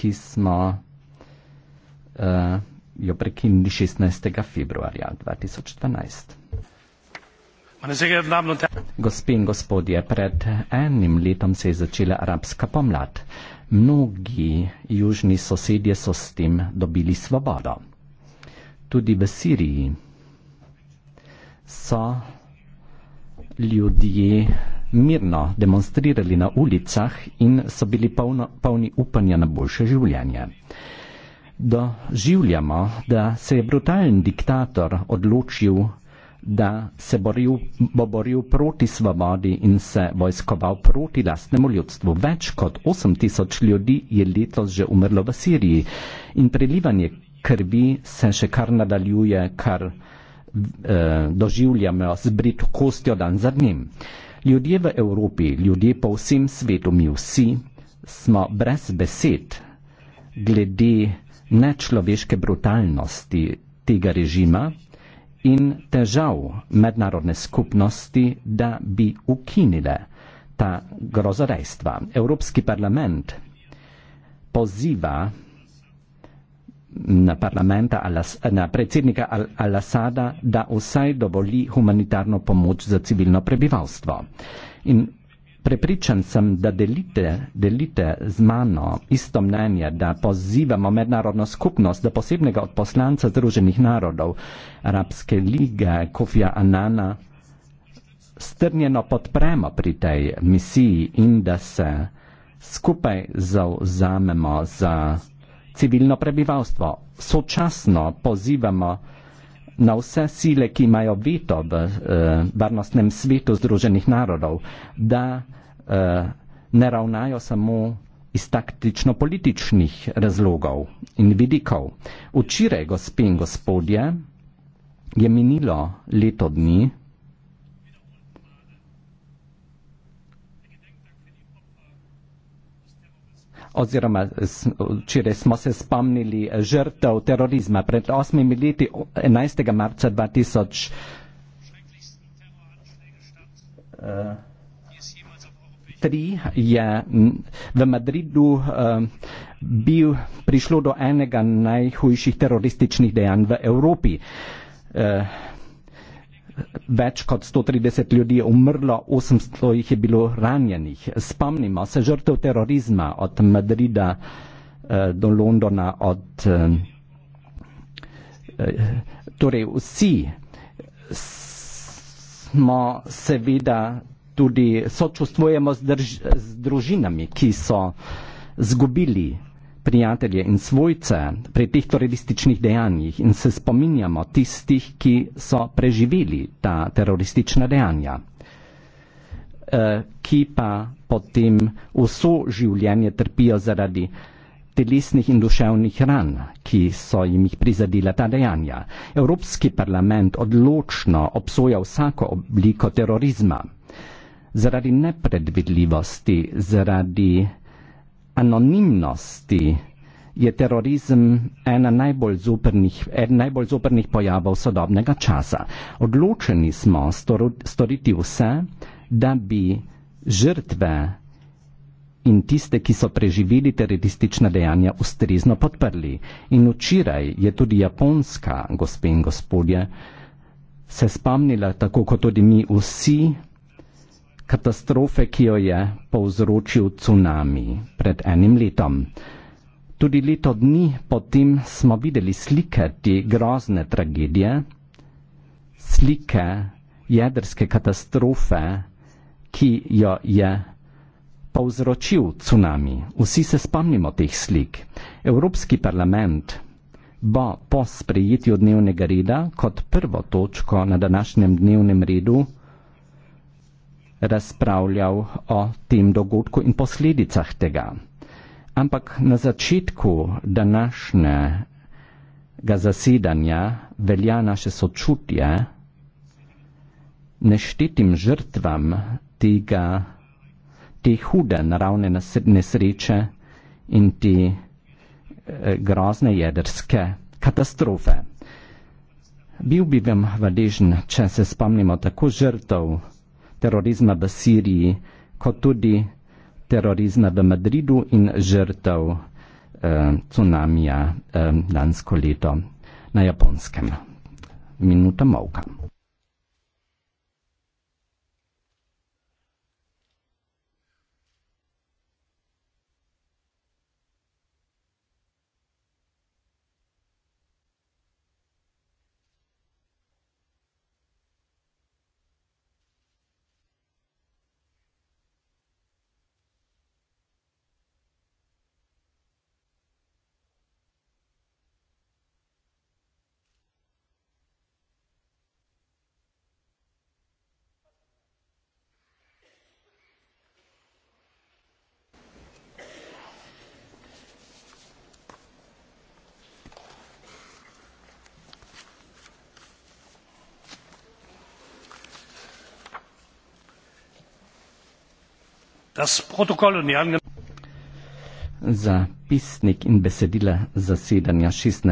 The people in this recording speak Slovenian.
ki smo uh, jo prekinili 16. februarja 2012. Gospe in gospodje, pred enim letom se je začela arabska pomlad. Mnogi južni sosedje so s tem dobili svobodo. Tudi v Siriji so ljudje mirno demonstrirali na ulicah in so bili polno, polni upanja na boljše življenje. Doživljamo, da se je brutalen diktator odločil, da se boril, bo boril proti svobodi in se vojskoval proti lastnemu ljudstvu. Več kot 8000 ljudi je letos že umrlo v Siriji in prelivanje krvi se še kar nadaljuje, kar eh, doživljamo z britkostjo dan za dnem. Eh, Ljudje v Evropi, ljudje po vsem svetu, mi vsi smo brez besed glede nečloveške brutalnosti tega režima in težav mednarodne skupnosti, da bi ukinile ta grozorejstva. Evropski parlament poziva na parlamenta, na predsednika Al-Assada, da vsaj dovoli humanitarno pomoč za civilno prebivalstvo. In prepričan sem, da delite, delite z mano isto mnenje, da pozivamo mednarodno skupnost, da posebnega od poslanca Združenih narodov, Arabske lige, Kofija Anana, strnjeno podpremo pri tej misiji in da se skupaj zauzamemo za civilno prebivalstvo. Sočasno pozivamo na vse sile, ki imajo veto v eh, varnostnem svetu Združenih narodov, da eh, ne ravnajo samo iz taktično-političnih razlogov in vidikov. Včeraj, gospe in gospodje, je minilo leto dni, oziroma včeraj smo se spomnili žrtev terorizma pred osmimi leti 11. marca 2000. Eh, tri je v Madridu eh, bil, prišlo do enega najhujših terorističnih dejanj v Evropi. Eh, več kot 130 ljudi umrlo, 800 jih je bilo ranjenih. Spomnimo se žrtev terorizma od Madrida eh, do Londona, od, eh, eh, torej vsi smo seveda tudi sočustvujemo z, drž, z družinami, ki so zgubili prijatelje in svojce pri teh terorističnih dejanjih in se spominjamo tistih, ki so preživeli ta teroristična dejanja, eh, ki pa potem vso življenje trpijo zaradi telesnih in duševnih ran, ki so jim jih prizadila ta dejanja. Evropski parlament odločno obsoja vsako obliko terorizma zaradi nepredvidljivosti, zaradi anonimnosti je terorizem ena najbolj zupernih, en najbolj zupernih pojavov sodobnega časa. Odločeni smo storiti vse, da bi žrtve in tiste, ki so preživeli teroristična dejanja, ustrezno podprli. In včeraj je tudi japonska, gospe in gospodje, se spomnila, tako kot tudi mi vsi, katastrofe, ki jo je povzročil tsunami pred enim letom. Tudi leto dni potem smo videli slike te grozne tragedije, slike jedrske katastrofe, ki jo je povzročil tsunami. Vsi se spomnimo teh slik. Evropski parlament bo po sprejetju dnevnega reda kot prvo točko na današnjem dnevnem redu razpravljal o tem dogodku in posledicah tega. Ampak na začetku današnjega zasedanja velja naše sočutje neštetim žrtvam tega, te hude naravne nesreče in te eh, grozne jedrske katastrofe. Bil bi vam hvaležen, če se spomnimo tako žrtev, terorizma v Siriji, kot tudi terorizma v Madridu in žrtev eh, cunamija eh, lansko leto na Japonskem. Minuta molka. Das protokoll in die Angen Zapisnik in besedila zasedanja 16.